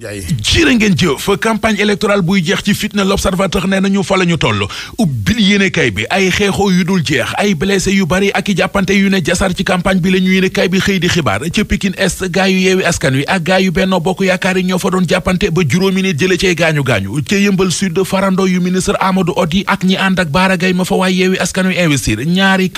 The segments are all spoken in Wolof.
jërë ngeen jëf campagne électorale buy jeex ci fitna l'observateur nee nañu fa la ñu ubbil yéenekaay bi ay xeexoo yu dul jeex ay blessé yu bari ak i jàppante yu ne jasar ci campagne bi la ñu bi xëy di xibaar ca Pikine Est gaa yu yeewi askan wi ak gaa yu Benno Bokk Yaakaar yi ñoo fa doon jàppante ba juróomi nit jële cay gaañu-gaañu ca yëmbal sud farando yu ministre Amadou Oddi ak ñi ànd ak Bara Gaye fa waay yeewi askan wi investir ñaari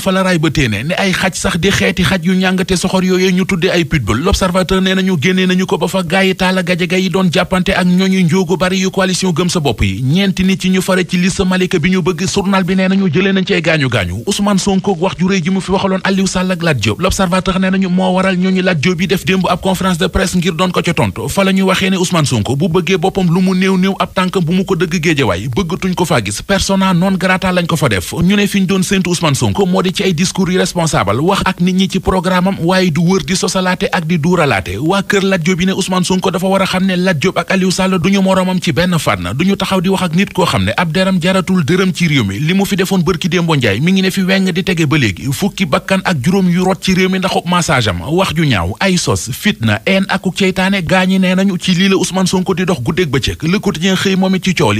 fa la raay ba téene ne ay xaj sax di xeeti xaj yu ñàngate soxor yooyu ñu tudde ay pitbull l'observateur nee nañu génne nañu ko ba fa gaayi taala gajaga yi doon jàppante ak ñooñu njóogu bari yu coalition gëm sa bopp yi ñeenti nit ci ñu fare ci liste Malika bi ñu bëgg journal bi nee nañu jëlee nañ ci ay gaañu-gaañu Ousmane Sonko wax ju ji mu fi waxaloon Aliou Sall ak Lat Diop ne nee nañu moo waral ñooñu Lat Diop yi def démb ab conférence de presse ngir doon ko ca tontu la ñu waxee ne Ousmane Sonko bu bëggee boppam lu mu néew néew ab tànk bu mu ko dëgg géejawaay bëggatuñ ko faa gis persona non grata lañ ko fa def ñu ne fi ñu doon séentu Ousmane Sonko di ci ay discours yu responsable wax ak nit ñi ci programme waaye du wër di sosalaate ak di duuralaate waa kër Lat Diop yi ne Ousmane Sonko dafa war a xam ne Lat Diop ak Aliou Sall du ñu moroomam ci benn fànn du ñu taxaw di wax ak nit koo xam ne ab deram jaratul dërëm ci réew mi li mu fi defoon bërki démbo njaay mi ngi ne fi weng di tege ba léegi fukki bakkan ak juróom yu rot ci réew mi ndaxub massage am wax ju ñaaw ay sos fitna en akuk ceytaane gaañi nee nañu ci lii la Ousmane Sonko di dox guddeeg bëccëg Le Quotidien xëy moom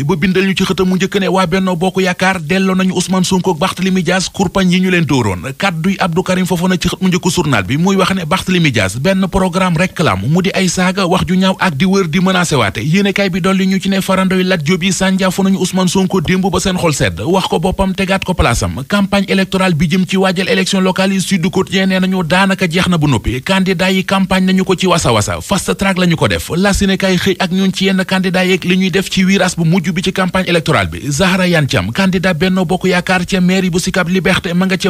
ba bindal ñu ci xëtam mu njëkk ne waa Benno Bokk Yaakaar delloo nañu Ousmane Sonko ak Barthélémy Dias kurpañ yi ñu leen kàdduy Abdou Karim ci xët mu njëkk bi muy wax ne Barthélemy Dias benn programme réclame mu di ay saaga wax ju ñaaw ak di wër di menacé waate yéenekaay bi dolli ñu ci ne farandoy Lat Diop yi sànjaafu nañu Ousmane Sonko démb ba seen xol sedd wax ko boppam tegaat ko palaasam campagne électorale bi jëm ci waajal élection yi Sud Quotidien nee nañu daanaka jeex na bu noppi candidat yi campagne nañu ko ci wasa wasa fast track lañu ko def la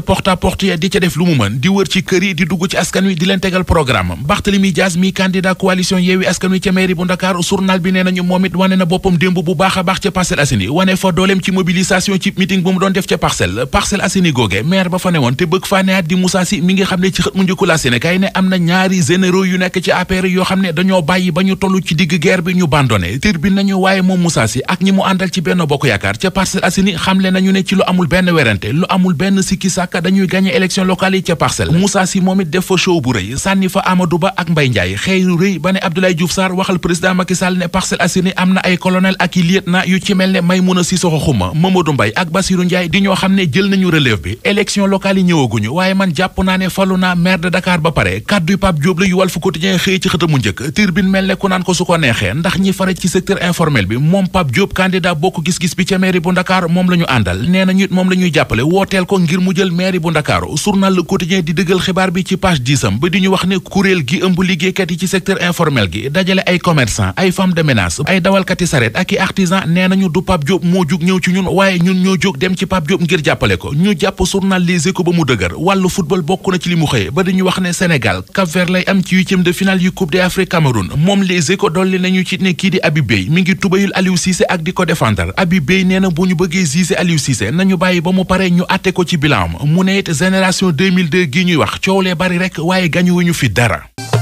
ca porte à porte ya di ca def googe maire ba fa newoon te bëgg faa di Moussa Sy mi ngi xam ne ci xët mu njëkku la Sénégal ne am na ñaari généraux yu nekk ci APR yoo xam ne dañoo bàyyi ba ñu toll ci digg guerre bi ñu bandone tir bi nañu waaye moom Moussa Sy ak ñi mu àndal ci benn bokk yaakaar ca Parcelles Assainies xamle nañu ne ci lu amul benn werante lu amul benn sikki sàkk daanaka dañuy gagné élection locale ca parcelle Moussa Sy moom it def fa show bu rëy sànni fa Amadou Ba ak Mbaye Ndiaye xëeru rëy ba ne Abdoulaye Diouf waxal président Macky ne Parcelles Assainies am na ay colonel ak i lieutenant yu ci mel ne Maymouna Sissoko Khouma Mamadou Mbaye ak Bassirou Ndiaye di ñoo xam ne jël nañu relève bi élection locale ñëwaguñu waaye man jàpp naa ne falu naa maire de ba pare kàddu Pape Diop la yu Walf Quotidien xëy ci ci secteur informel mairie bu ndakaaru journal Le Quotidien di dëggal xibaar bi ci page diisam ba di ñu wax ne kuréel gi ëmb liggéeykat yi ci secteur informel gi dajale ay commerçant ay femme de ménage ay dawalkati saret ak i artisan nee nañu du Pape Diop moo jug ñëw ci ñun waaye ñun ñoo jóg dem ci Pape Diop ngir jàppale ko ñu jàpp journal Les Échos ba mu dëgër wàllu football bokk na ci li mu xëye ba di ñu wax ne Sénégal Cap-Vert am ci huitième de finale yu Coupe d'Afrique Cameroun moom ba mu pare ñu àtte mu ne deux génération 2002 gi ñuy wax coow lee bari rek waaye gañuwuñu fi dara